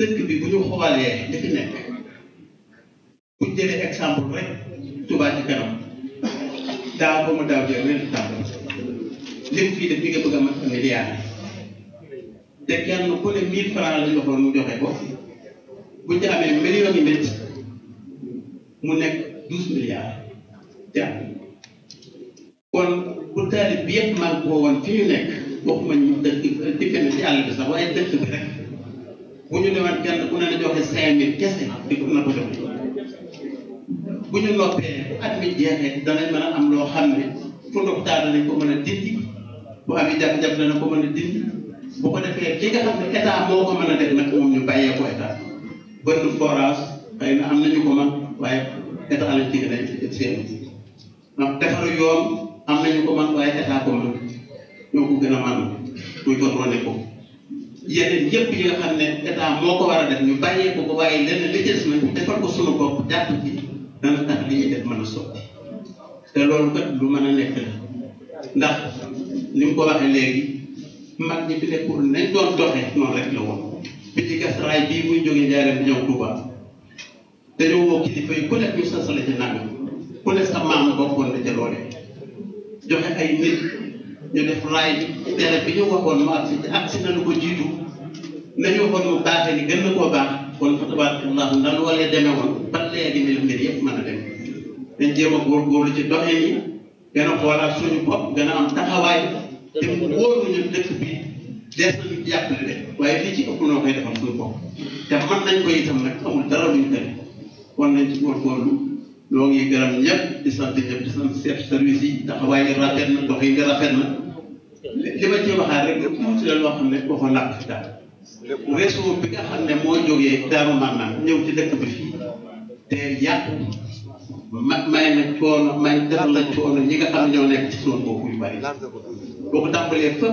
dëkk bi bu ñu xoolee li fi nekk bu ñu jëlee exemple rek Touba ci kanam daaw ba mu daaw jël ren daaw li mu fii def mi nga bëgg a mat te kenn ku ne 1000 francs la mu joxe ko bu ñu million yi nit mu nekk 12 milliards te kon bu taalib bi yëpp màgg ko woon fi ñu nekk waxuma ñu dëkk di fenn ci àll bi sax waaye dëkk bi rek. bu ñu newaat kenn ku ne la joxe cinq mille kese di ko na ko joxe bu ñu noppee bu at mi jeexee danañ mën a am loo xam ne fu docteur danañ ko mën a dindi bu amee jafe-jafe dana ko mën a bu ko defee li nga xam ne état a def ñu bàyyee ko état xëy na am nañu ko man waaye état a seen ndax defaru yoon ko man ñoo ko gën a man muy contrôlé ko yeneen yëpp yi nga xam ne état moo ko war a def ñu bàyyee ko ko waaye lenn li des nañ defal ko sunu bopp jàpp ci dana tax li ñuy def mën a sotti te loolu kat lu man a nekk la ndax ni mu ko waxee léegi mag ñi fi nekkul nañ doon noonu rek la bi ci gas bii muy jógee Njaaréem bi ñëw Touba dañoo woo kilifa yi ku nekk ñu sasale ci nangam ku ne sa maam bokkoon na ca loolee joxe ay nit ñu def raay bi nee na bi ñu waxoon ma ak si nañu ko jiitu nañu waxoon mu baaxee ni gën na koo baax kon fa tabarakallahu nan walee demee woon ba léegi ni mbir yëpp mën a dem dañ jéem a góorgóorlu ci doxee yi gën a xoolaat suñu bopp gën a am taxawaay waaye fii ci ëpp noo koy defal suñu bopp te mën nañ ko itam nag amul dara luñu tënk kon nañ ci góorgóorlu noo ngi gërëm ñëpp di sant ñëpp di sant chef service yi taxawaay yi rafet na dox yi nga rafet na li ma ci waxaat rek lépp mu ci la loo xam ne koo ko làkk daal réseau bi nga xam ne moo jógee daaru maanaam ñëw ci dëkk bi fii te yàq ma may na coono may def la coono ñi nga xam ñoo nekk ci suñu bopp yu bari boo ko fa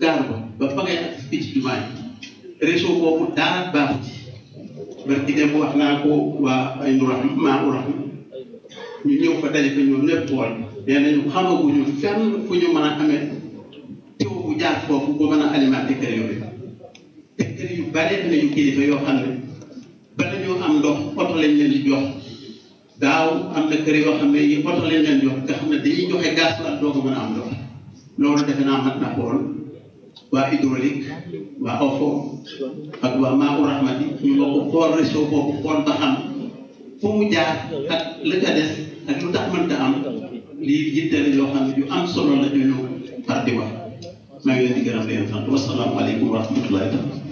gaar ba ba fa ngay ak fii ci jumaa réseau boobu daal baaxu ci barki dem wax naa ko waa ay nu rahim ñu ñëw fa daje fa ñoom ñëpp bool nee nañu xamaguñu fenn fu ñu mën a amee teew bu jaar foofu bu mën a alimenter kër yooyu te kër yu bare na yu kilifa yoo xam ne bala ñoo am ndox oto lañ leen di jox daaw am na kër yoo xam ne yi oto lañ leen jox nga xam ne dañuy joxe gaz la doo ko mën a am ndox loolu defe naa mat na xool waa hydraulique waa OFO ak waa Maou Rahmati ñu bokk xool réseau boobu xool ba xam. fu mu jaar ak la ak lu tax am lii yittali loo xam ne yu am solo la ñu ñu far di wax maa ngi leen di gërëm di leen sant wa